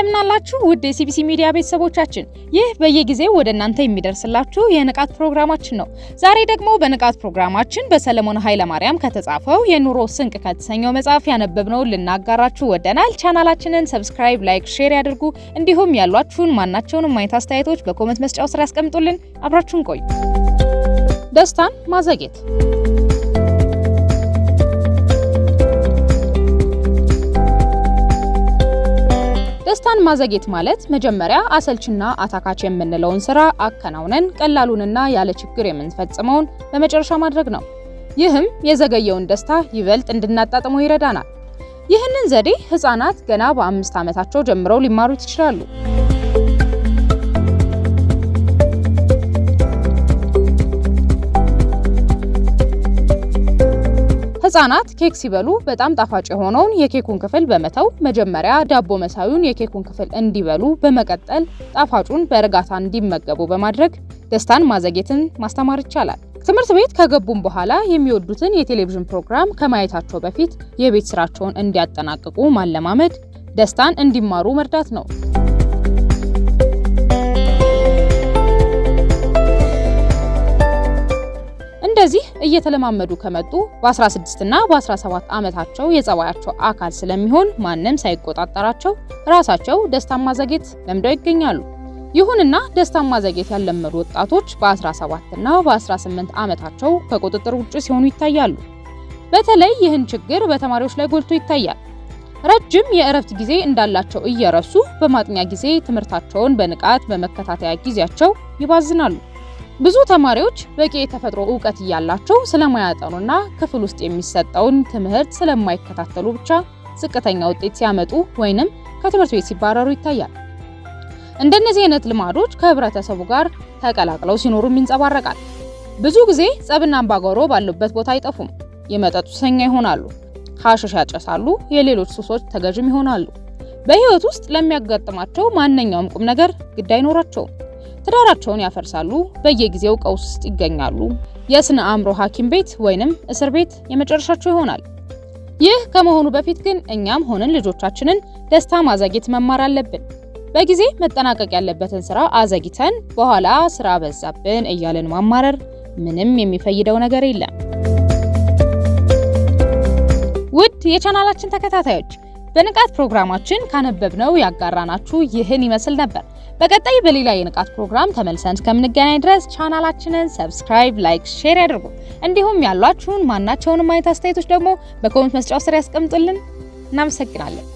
እንደምናላችሁ ውድ የሲቢሲ ሚዲያ ቤተሰቦቻችን ይህ በየጊዜው ወደ እናንተ የሚደርስላችሁ የንቃት ፕሮግራማችን ነው። ዛሬ ደግሞ በንቃት ፕሮግራማችን በሰለሞን ኃይለማርያም ከተጻፈው የኑሮ ስንቅ ከተሰኘው መጽሐፍ ያነበብነውን ልናጋራችሁ ወደናል። ቻናላችንን ሰብስክራይብ፣ ላይክ፣ ሼር ያድርጉ። እንዲሁም ያሏችሁን ማናቸውንም አይነት አስተያየቶች በኮመንት መስጫው ስር ያስቀምጡልን። አብራችሁን ቆዩ። ደስታን ማዘግየት ስራን ማዘግየት ማለት መጀመሪያ አሰልችና አታካች የምንለውን ስራ አከናውነን ቀላሉንና ያለ ችግር የምንፈጽመውን በመጨረሻ ማድረግ ነው። ይህም የዘገየውን ደስታ ይበልጥ እንድናጣጥመው ይረዳናል። ይህንን ዘዴ ህፃናት ገና በአምስት ዓመታቸው ጀምረው ሊማሩት ይችላሉ። ህጻናት ኬክ ሲበሉ በጣም ጣፋጭ የሆነውን የኬኩን ክፍል በመተው መጀመሪያ ዳቦ መሳዩን የኬኩን ክፍል እንዲበሉ በመቀጠል ጣፋጩን በእርጋታ እንዲመገቡ በማድረግ ደስታን ማዘግየትን ማስተማር ይቻላል። ትምህርት ቤት ከገቡም በኋላ የሚወዱትን የቴሌቪዥን ፕሮግራም ከማየታቸው በፊት የቤት ስራቸውን እንዲያጠናቅቁ ማለማመድ ደስታን እንዲማሩ መርዳት ነው። እየተለማመዱ ከመጡ በ16 እና በ17 ዓመታቸው የጸባያቸው አካል ስለሚሆን ማንም ሳይቆጣጠራቸው ራሳቸው ደስታን ማዘግየት ለምደው ይገኛሉ። ይሁንና ደስታን ማዘግየት ያለመዱ ወጣቶች በ17 እና በ18 ዓመታቸው ከቁጥጥር ውጭ ሲሆኑ ይታያሉ። በተለይ ይህን ችግር በተማሪዎች ላይ ጎልቶ ይታያል። ረጅም የእረፍት ጊዜ እንዳላቸው እየረሱ በማጥኛ ጊዜ ትምህርታቸውን በንቃት በመከታተያ ጊዜያቸው ይባዝናሉ። ብዙ ተማሪዎች በቂ የተፈጥሮ እውቀት እያላቸው ስለማያጠኑና ክፍል ውስጥ የሚሰጠውን ትምህርት ስለማይከታተሉ ብቻ ዝቅተኛ ውጤት ሲያመጡ ወይንም ከትምህርት ቤት ሲባረሩ ይታያል። እንደነዚህ አይነት ልማዶች ከህብረተሰቡ ጋር ተቀላቅለው ሲኖሩም ይንጸባረቃል። ብዙ ጊዜ ጸብና አምባጓሮ ባሉበት ቦታ አይጠፉም። የመጠጥ ሱሰኛ ይሆናሉ፣ ሐሽሽ ያጨሳሉ፣ የሌሎች ሱሶች ተገዥም ይሆናሉ። በህይወት ውስጥ ለሚያጋጥማቸው ማንኛውም ቁም ነገር ግድ አይኖራቸውም። ትዳራቸውን ያፈርሳሉ፣ በየጊዜው ቀውስ ውስጥ ይገኛሉ። የስነ አእምሮ ሐኪም ቤት ወይንም እስር ቤት የመጨረሻቸው ይሆናል። ይህ ከመሆኑ በፊት ግን እኛም ሆንን ልጆቻችንን ደስታ ማዘግየት መማር አለብን። በጊዜ መጠናቀቅ ያለበትን ስራ አዘግይተን በኋላ ስራ በዛብን እያለን ማማረር ምንም የሚፈይደው ነገር የለም። ውድ የቻናላችን ተከታታዮች በንቃት ፕሮግራማችን ካነበብነው ያጋራናችሁ ይህን ይመስል ነበር። በቀጣይ በሌላ የንቃት ፕሮግራም ተመልሰን እስከምንገናኝ ድረስ ቻናላችንን ሰብስክራይብ፣ ላይክ፣ ሼር ያድርጉ። እንዲሁም ያሏችሁን ማናቸውንም አይነት አስተያየቶች ደግሞ በኮሜንት መስጫው ስር ያስቀምጡልን። እናመሰግናለን።